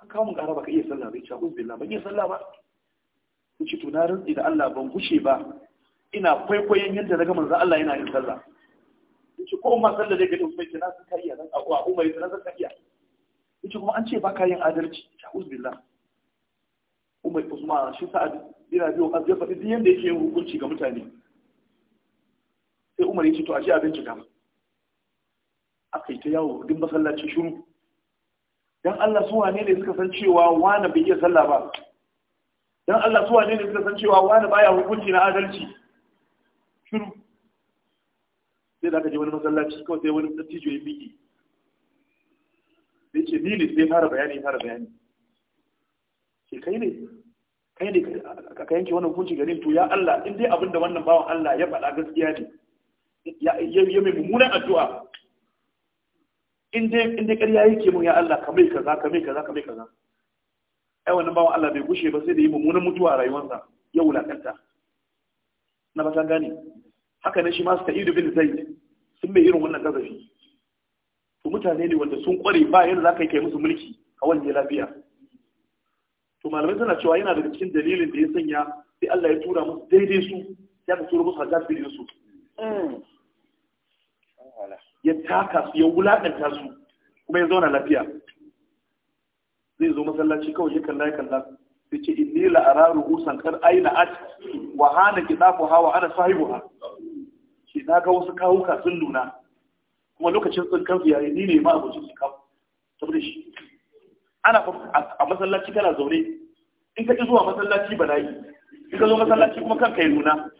an kawo mun ƙara baka iya sallah bai ce uzbillah ba, iya sallah ba yace to na rantsi da Allah ban gushe ba ina kwaikwayon yadda na gama manzo Allah yana yin sallah yace ko ma sallah dai ga dukkan mai na san kariya dan akwa umar na san kariya yace kuma an ce baka yin adalci ta uzbillah umar usman shi sa'adu. yana biyu a zai faɗi duk yadda yake yin hukunci ga mutane sai umar ya ce to a ce a cika aka yi ta yawo duk masallaci shuru Don Allah su ne ne suka san cewa wani bai iya sallah ba Don Allah su ne ne suka san cewa wani baya hukunci na adalci shuru sai da aka je wani masallaci kawai sai wani dattijo ya biki sai ce ni ne sai fara bayani fara bayani ke kai ne kai ne ka yanke wannan hukunci gare to ya Allah in dai abin da wannan bawan Allah ya faɗa gaskiya ne ya mai mummunan addu'a in dai in dai ƙarya yake mun ya Allah ka mai kaza ka mai kaza ka mai kaza ai wannan bawan Allah bai gushe ba sai da yi mummunan mutuwa a rayuwarsa ya wulakanta na ba ta gane haka ne shi ma Sa'idu bin Zaid sun mai irin wannan gazafi to mutane ne wanda sun kware ba yadda za ka yi kai musu mulki a wani lafiya to malamai suna cewa yana daga cikin dalilin da ya sanya sai Allah ya tura musu daidai su ya ka tura musu hajjat bin su. Mm. ya taka su ya wulaɗanta su kuma ya zauna lafiya zai zo masallaci kawai ya kalla ya kalla sai ce inni la araru usan kar aina at wa hana kitabu hawa ana sahibuha shi na ga wasu kawuka sun nuna kuma lokacin sun kansu yayi ni ne ma abuci su kawo saboda shi ana a masallaci kana zaune in ka ƙi zuwa masallaci yi in ka zo masallaci kuma kanka ya nuna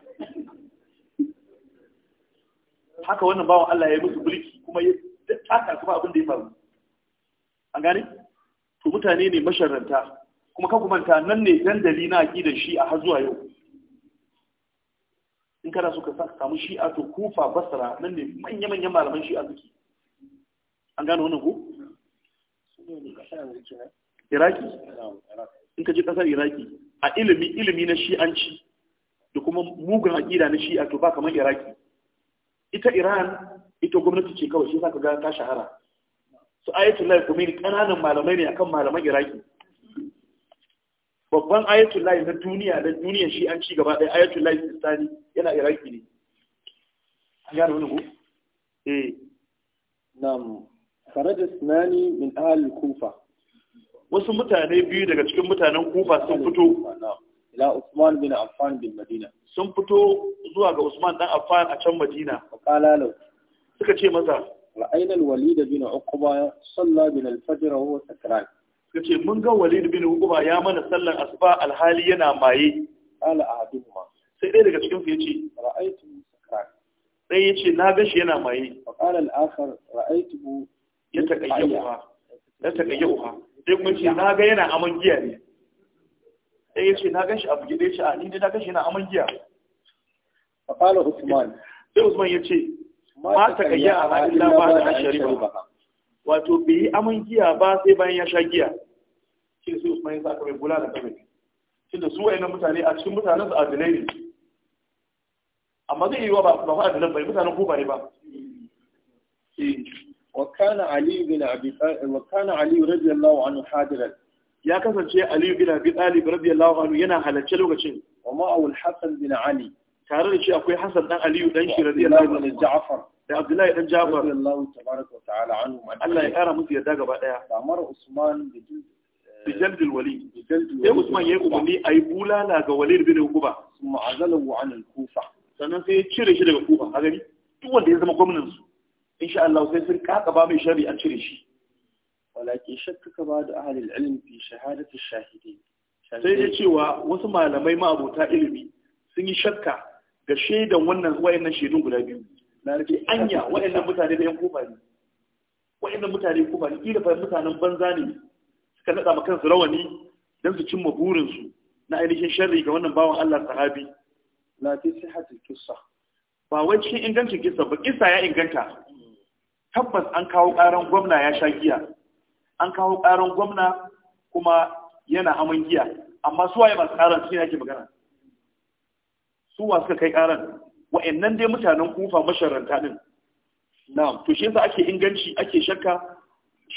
haka wannan bawan Allah ya yi musu mulki kuma ya taka kuma abin da ya faru an gane to mutane ne masharranta kuma kan kuma nan ne dandali na da shi a har zuwa yau in kana so ka samu shi'a to kufa basra nan ne manya-manyan malaman shi'a suke an gane wannan ko? iraki in ka ji kasar iraki a ilimi ilimi na shi'anci da kuma mugun aƙida na shi'a to ba kamar iraki ita iran ita gwamnati ce kawai shi ka ga ta shahara su ayatollah khomeini kananan malamai ne akan malaman iraki babban ayatollah na duniya na duniyar shi'anci gaba ɗaya ayatollah sistani yana iraki ne an gane wani ku eh nam kharaja sinani min ahli kufa wasu mutane biyu daga cikin mutanen kufa sun fito ila Usman bin Affan bin Madina sun fito zuwa ga Usman dan Affan a can Madina qala law suka ce masa ra'ayna al-Walid bin Uqba salla bin al-fajr wa huwa sakran suka ce mun ga Walid bin Uqba ya mana sallan asuba alhali yana maye qala ahaduhuma sai dai daga cikin su yace ra'aytu sakran sai yace na ga shi yana maye qala al-akhar ra'aytu ya taqayyaha ya taqayyaha sai kun ce na ga yana aman giya ne sai ya ce na gan shi abu gida ya ce a ni dai na gan shi yana aman giya a fara usman sai usman ya ce ma ta kayya a hadin da ba da ashari ba wato bai yi aman giya ba sai bayan ya sha giya shi sai usman ya sa bai bula da kamar shi da su wayannan mutane a cikin mutanen su adilai ne amma zai yi wa ba ba adilai bai mutanen ko ba ne ba eh. وكان علي بن أبي وكان علي رضي الله عنه حاضرا يا كسر شيء علي بن أبي طالب رضي الله عنه ينا هلك لوكشن وما أول حسن بن علي tare da shi akwai Hassan dan Aliyu dan shi radiyallahu anhu Ja'far da Abdullahi dan Ja'far radiyallahu tabaraka wa ta'ala anhu ya kara musu yadda gaba daya Amara Usman bi jald al wali sai Usman yayi umarni ayi bulala ga Walid bin Uqba kuma azalahu sannan sai ya cire shi daga Kufa a gari Tun wanda ya zama gwamnan su insha Allah sai sun ba mai shari a cire shi shakka ka ba da ahalil ilm fi shahadatu shahidi sai da cewa wasu malamai ma'abota ilimi sun yi shakka ga shaidan wannan wayannan shaidun guda biyu na rike anya wayannan mutane da yan kofa ne wayannan mutane kofa ne kila fa mutanen banza ne suka nada ma kansu rawani dan su cimma burin su na ainihin sharri ga wannan bawan Allah sahabi la fi sihhatil qissa ba wai cikin ingancin kissa ba kissa ya inganta tabbas an kawo ƙaran gwamna ya sha giya an kawo ƙaran gwamna kuma yana aman giya amma su waye masu ƙaran su yake magana su wa suka kai ƙaran wa'annan dai mutanen kufa masharanta din na'am to shi yasa ake inganci ake shakka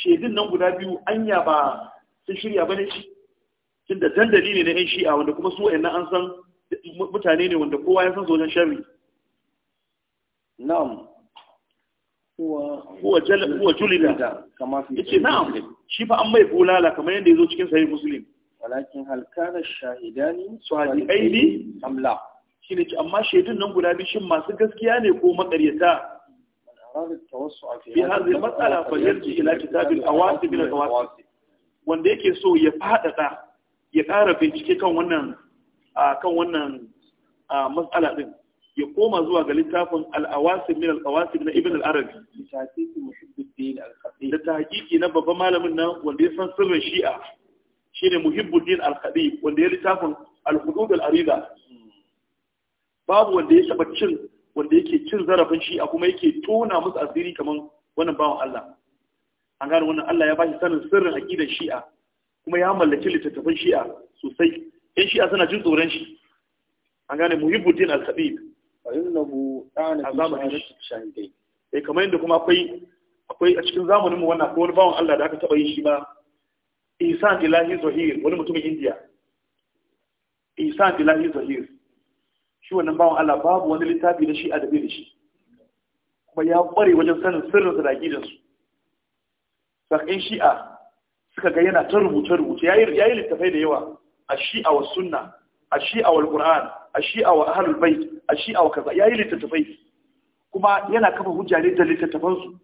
shedin nan guda biyu anya ba sun shirya bane shi tunda dandali ne na yan shi'a wanda kuma su wa'annan an san mutane ne wanda kowa ya san su wajen sharri na'am huwa huwa julida kama fi yace na'am shi fa an mai bulala kamar yadda ya zo cikin sahih musulun. walakin hal kana shahidani sadiqaini am la shine ce amma shaidun nan guda biyu shin masu gaskiya ne ko makaryata fi hadhihi mas'ala fa yarji ila kitab al-awasi min al-awasi wanda yake so ya fadada ya ƙara bincike kan wannan matsala wannan din ya koma zuwa ga littafin al min al'awasin na ibn al'arabi da da hakiki, na babban malamin nan wanda ya san sirrin shi'a ne muhibbuddin al-khatib wanda ya littafin al-hudud al-arida babu wanda ya taba cin wanda yake cin zarafin shi'a kuma yake tona musu asiri kamar wannan bawan Allah an gano wannan Allah ya bashi sanin sirrin aqidar shi'a kuma ya mallaki littattafan shi'a sosai yan shi'a suna jin tsoron shi an gane muhibbuddin al-khatib fa innahu eh, kamar yadda kuma akwai a cikin zamaninmu wannan ko wani bawan Allah da aka taɓa yi shi ma Isan Ilahi Zahir wani mutumin indiya Isan Ilahi Zahir shi wannan bawan Allah babu wani littafi da shi a dabe da shi kuma ya kware wajen sanin sirrin su da gidansu sakin shi'a suka ga yana ta rubuce rubuce Ya yi littafai da yawa a shi'a wa sunna a shi'a wal qur'an a shi'a wa ahlul bait a shi'a wa kaza yayi litattafai kuma yana kafa hujja ne da litattafan su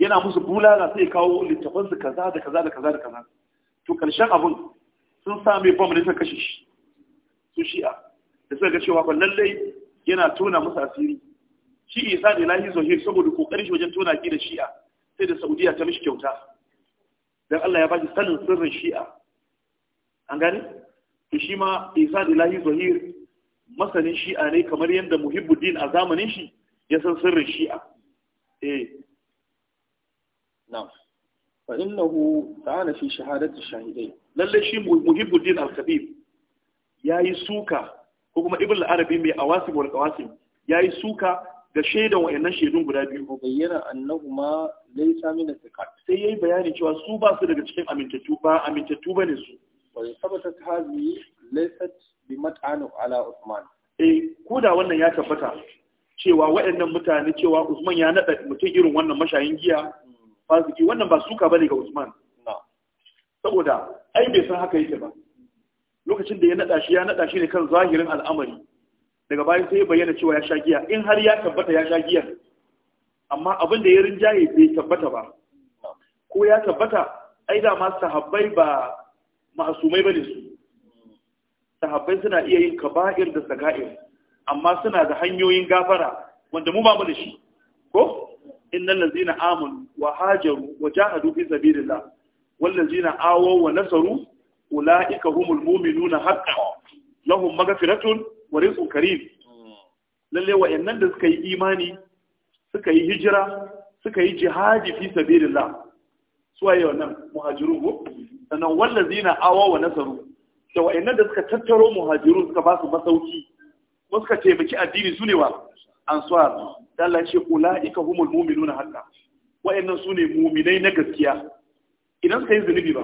yana musu bulala sai kawo litattafan su kaza da kaza da kaza da kaza to karshen abun sun sami bom ne ta kashe shi su shi'a da suka ga cewa ban lalle yana tona musu asiri shi isa ne lahi zahir saboda kokarin shi wajen tona ki da shi'a sai da saudiya ta mishi kyauta dan Allah ya baki sanin sirrin shi'a an gani? to shi ma isa ilahi zahir masanin shi'a ne kamar yadda muhibbuddin a zamanin shi ya san sirrin shi'a eh na'am fa innahu ta'ana fi shahadati shahidai lalle shi muhibbuddin al-khabib yayi suka ko kuma ibn al-arabi mai awasim wal qawasim yayi suka ga shaidan wayannan shaidun guda biyu ko bayyana annahuma laysa min al-thiqat sai yayi bayani cewa su ba su daga cikin amintattu ba amintattu bane su wai sabatat hazi laysat bi mat'anu ala Usman eh ko da wannan ya tabbata cewa waɗannan mutane cewa Usman ya nada mutum irin wannan mashayin giya fasiki wannan ba suka bane ga Usman saboda ai bai san haka yake ba lokacin da ya nada shi ya nada shi ne kan zahirin al'amari daga bayan sai ya bayyana cewa ya sha giya in har ya tabbata ya sha giya amma abin da ya rinjaye bai tabbata ba ko ya tabbata ai da ma sahabbai ba ma'asumai bane su sahabbai suna iya yin kaba'ir da saga'ir amma suna da hanyoyin gafara wanda mu ba mu da shi ko innal ladzina amanu wa hajaru wa jahadu fi sabilillah wal ladzina awaw wa nasaru ulaika humul mu'minuna haqqan lahum maghfiratun wa rizqun karim lalle wa wayannan da suka yi imani suka yi hijira suka yi jihadi fi sabilillah suwaye wannan muhajirun ko sannan wallazina awa wa nasaru da wa'annan da suka tattaro muhajirun suka ba su masauki ko suka taimaki addini su ne wa Ansuwar, da Allah ce ulaika humul mu'minuna hatta wa'annan su ne mu'minai na gaskiya idan suka yi zunubi ba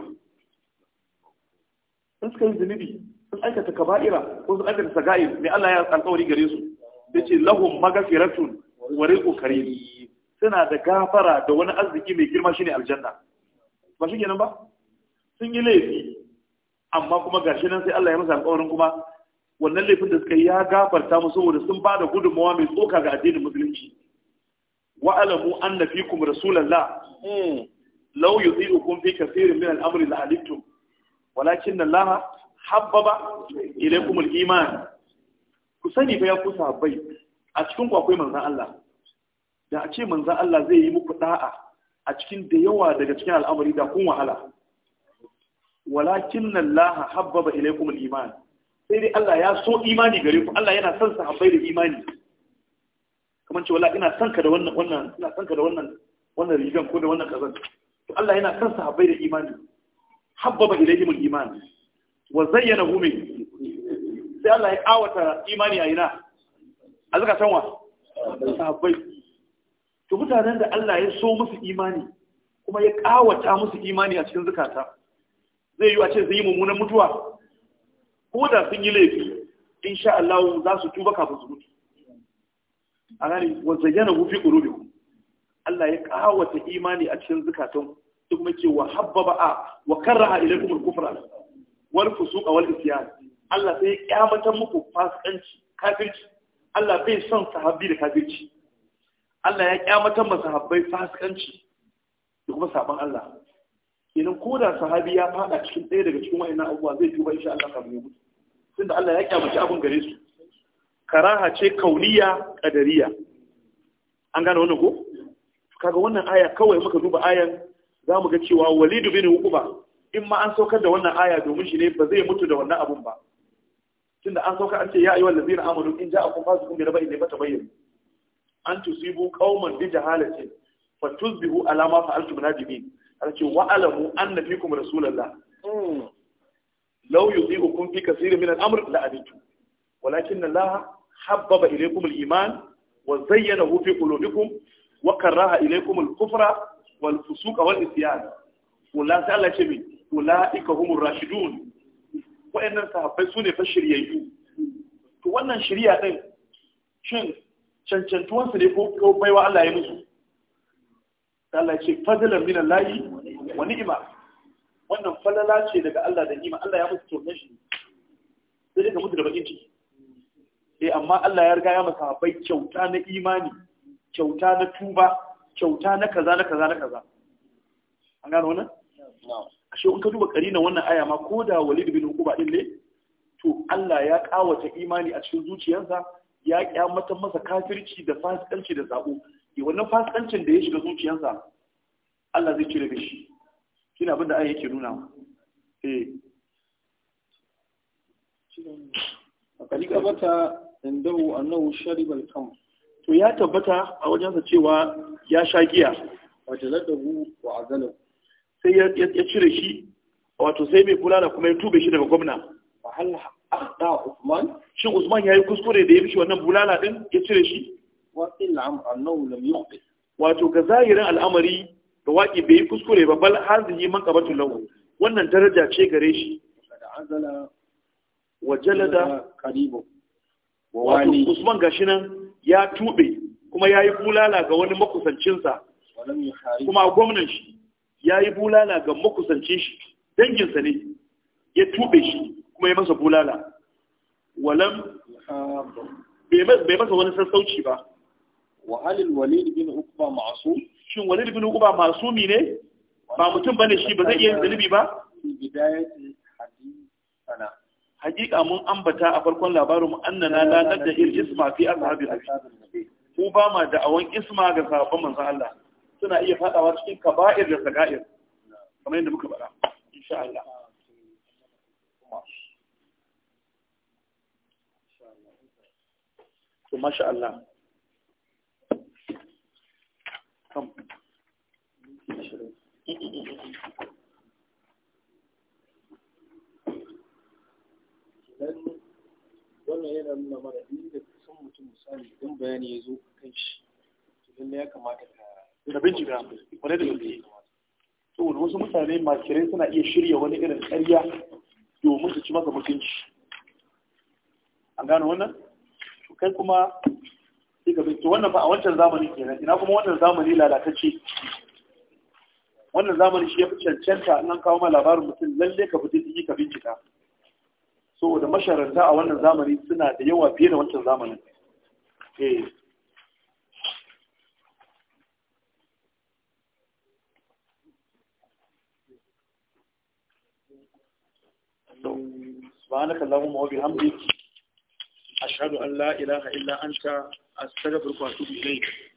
in suka yi zunubi sun aikata kaba'ira ko sun aikata saga'ir mai Allah ya alƙawari gare su da ce lahum magafiratun wa rizqu karim suna da gafara da wani arziki mai girma shine aljanna ba shi kenan ba sun yi laifi amma kuma gashi nan sai Allah ya masa alƙawarin kuma wannan laifin da suka yi ya gafarta musu saboda sun ba da gudunmawa mai tsoka ga addinin musulunci wa alamu anna fikum rasulullah hmm. law yuti'ukum fi kaseerin min al-amri la'aliktum walakin Allah habbaba ilaykum al-iman ku sani fa ya ku bai. a cikin ku akwai manzon Allah da a ce manzon Allah zai yi muku da'a a cikin da yawa daga cikin al'amari da kun wahala walakin Allah habbaba ilaykum al-iman sai dai Allah ya so imani gare ku Allah yana son habbai da imani kamar ce wallahi ina son ka da wannan wannan ina son ka da wannan wannan rigan ko da wannan kazan to Allah yana son habbai da imani habbaba ilayhim al-iman wa zayyana min sai Allah ya awata imani a ina a zaka san wa habbai to mutanen da Allah ya so musu imani kuma ya kawata musu imani a cikin zakata zai yi a ce zai yi mummunan mutuwa ko da sun yi laifi sha Allah za su tuba kafin su mutu a gani wa yana hu fi Allah ya kawata imani a cikin zukatun duk kuma ce wa ba a wa karaha ilaykum al-kufra wal a wal isyan Allah sai ya kyamata muku fasikanci kafirci Allah bai son sahabbi da kafirci Allah ya masu masahabbai fasikanci da kuma sabon Allah kenan ko da sahabi ya fada cikin ɗaya daga cikin wa'annan abubuwa zai tuba insha Allah kafin ya mutu tunda Allah ya kyamaci abin gare su karaha ce kauniya ƙadariya. an gane wannan ko kaga wannan aya kawai muka duba ayan za mu ga cewa walidu bin uquba in ma an saukar da wannan aya domin shi ne ba zai mutu da wannan abun ba tunda an sauka an ce ya ayyuhal ladzina amanu in ja'akum fasiqun bi naba'in fatabayyanu an tusibu qauman bi jahalatin fatusbihu ala ma fa'altum nadimin har ce wa'alamu kuma rasulallah. rasulullah hmm. law yudhi'ukum fi kaseerin minan al-amr la abitu walakin Allah habbaba ilaykum iman wa zayyana fi qulubikum wa karaha ilaykum kufra wal fusuqa wal isyan wala sai Allah ce min ulaika humur rashidun wa'annan sahabbai sune fa shiryayyu to wannan shirya din shin cancantuwansu ne ko baiwa Allah ya musu Allah ce fadlan min Allah wa ni'ma wannan falala ce daga Allah da ni'ima. Allah ya musu tonan shi sai daga mutu da bakin ciki eh amma Allah ya riga ya masa bai kyauta na imani kyauta na tuba kyauta na kaza na kaza na kaza an gano wannan ashe in ka duba na wannan aya ma ko da Walid bin Uqba din ne to Allah ya kawata imani a cikin zuciyarsa ya kyamata masa kafirci da fasikanci da zabo wannan fasikancin da ya shiga zuciyarsa Allah zai cire da shi kina abin da ayi yake nuna eh akali bata indahu annahu shariba al-khamr to ya tabbata a wajensa cewa ya sha giya wato ladabu wa azalu sai ya cire shi wato sai bai kula da kuma ya tube shi daga gwamna wa hal akhta Usman shin Usman yayi kuskure da ya bishi wannan bulala din ya cire shi wato ga zahirin al'amari da waƙi bai yi kuskure ba bal hazihi man qabatu lahu wannan daraja ce gare shi wa jalada karibu. Wato Usman gashi nan ya tuɓe kuma ya yi bulala ga wani makusancinsa kuma gwamnan shi ya yi bulala ga makusancin shi danginsa ne ya tuɓe shi kuma ya masa bulala walam bai masa wani sassauci ba wa halil walid bin uqba ma'sum shin walid bin uqba ma'sumi ne ba mutum bane shi ba zai iya yin zunubi ba bidayatin hadithana hakika mun ambata a farkon labarin mu annana la nadda isma fi ashabi nabi mu ba ma da'awan isma ga sahabban manzon Allah suna iya fadawa cikin kaba'ir da saga'ir kamar yadda muka faɗa insha Allah to masha Allah wannan yana nuna mana inda kusan mutum misali idan bayani ya zo kan shi to ya kamata ka da bincika saboda wasu mutane makirai suna iya shirya wani irin karya, domin su ci maka mutunci an gano wannan kai kuma sai ka to wannan fa a wancan zamani kenan ina kuma wannan zamani lalatacce wannan zamani shi ya fi cancanta in an kawo ma labarin mutum lalle ka fita ciki ka bincika so da masharanta a wannan zamani suna da yawa fiye da wancan zamanin eh سبحانك اللهم وبحمدك أشهد أن لا إله إلا أنت seja pelo do jeito,